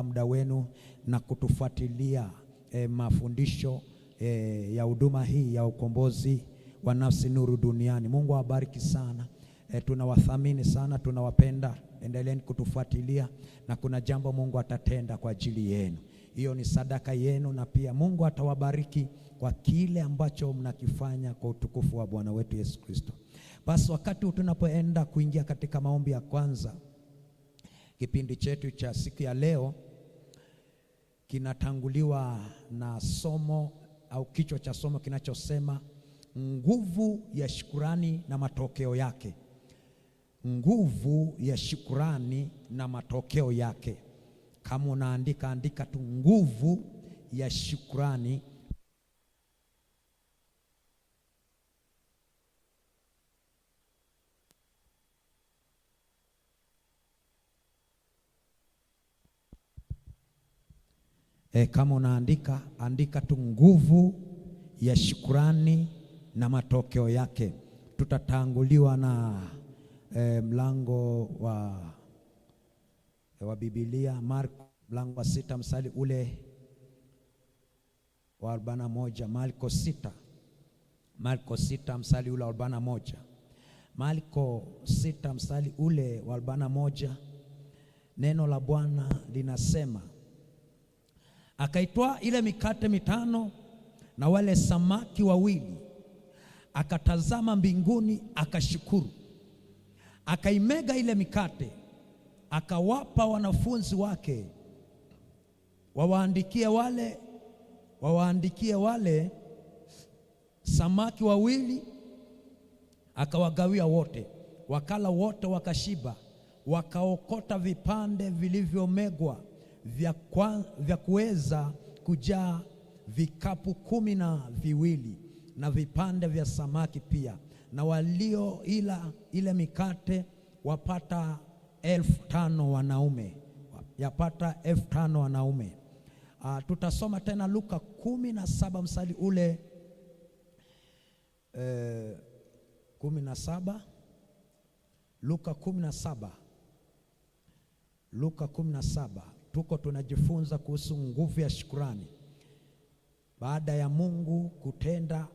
kupanga muda wenu na kutufuatilia e, mafundisho e, ya huduma hii ya ukombozi wa nafsi nuru duniani. Mungu awabariki sana. E, tunawathamini sana, tunawapenda. Endeleeni kutufuatilia na kuna jambo Mungu atatenda kwa ajili yenu. Hiyo ni sadaka yenu, na pia Mungu atawabariki kwa kile ambacho mnakifanya kwa utukufu wa Bwana wetu Yesu Kristo. Basi wakati tunapoenda kuingia katika maombi ya kwanza kipindi chetu cha siku ya leo kinatanguliwa na somo au kichwa cha somo kinachosema nguvu ya shukurani na matokeo yake. Nguvu ya shukurani na matokeo yake. Kama unaandika andika tu, nguvu ya shukurani E, kama unaandika andika tu nguvu ya shukurani na matokeo yake. Tutatanguliwa na e, mlango wa, eh, wa Biblia Marko mlango wa sita msali ule wa arobaini na moja Marko sita Marko sita msali ule wa arobaini na moja Marko sita msali ule wa arobaini na moja Neno la Bwana linasema akaitoa ile mikate mitano na wale samaki wawili, akatazama mbinguni, akashukuru. Akaimega ile mikate, akawapa wanafunzi wake, wawaandikie wale wawaandikie wale samaki wawili, akawagawia wote. Wakala wote, wakashiba, wakaokota vipande vilivyomegwa vya, vya kuweza kujaa vikapu kumi na viwili na vipande vya samaki pia, na walioila ile mikate wapata elfu tano wanaume yapata elfu tano wanaume. Uh, tutasoma tena Luka kumi na saba msali ule uh, kumi na saba Luka kumi na saba Luka kumi na saba tuko tunajifunza kuhusu nguvu ya shukrani. Baada ya Mungu kutenda,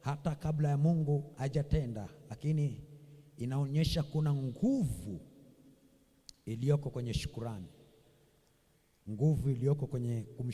hata kabla ya Mungu hajatenda, lakini inaonyesha kuna nguvu iliyoko kwenye shukrani, nguvu iliyoko kwenye kumshukuru.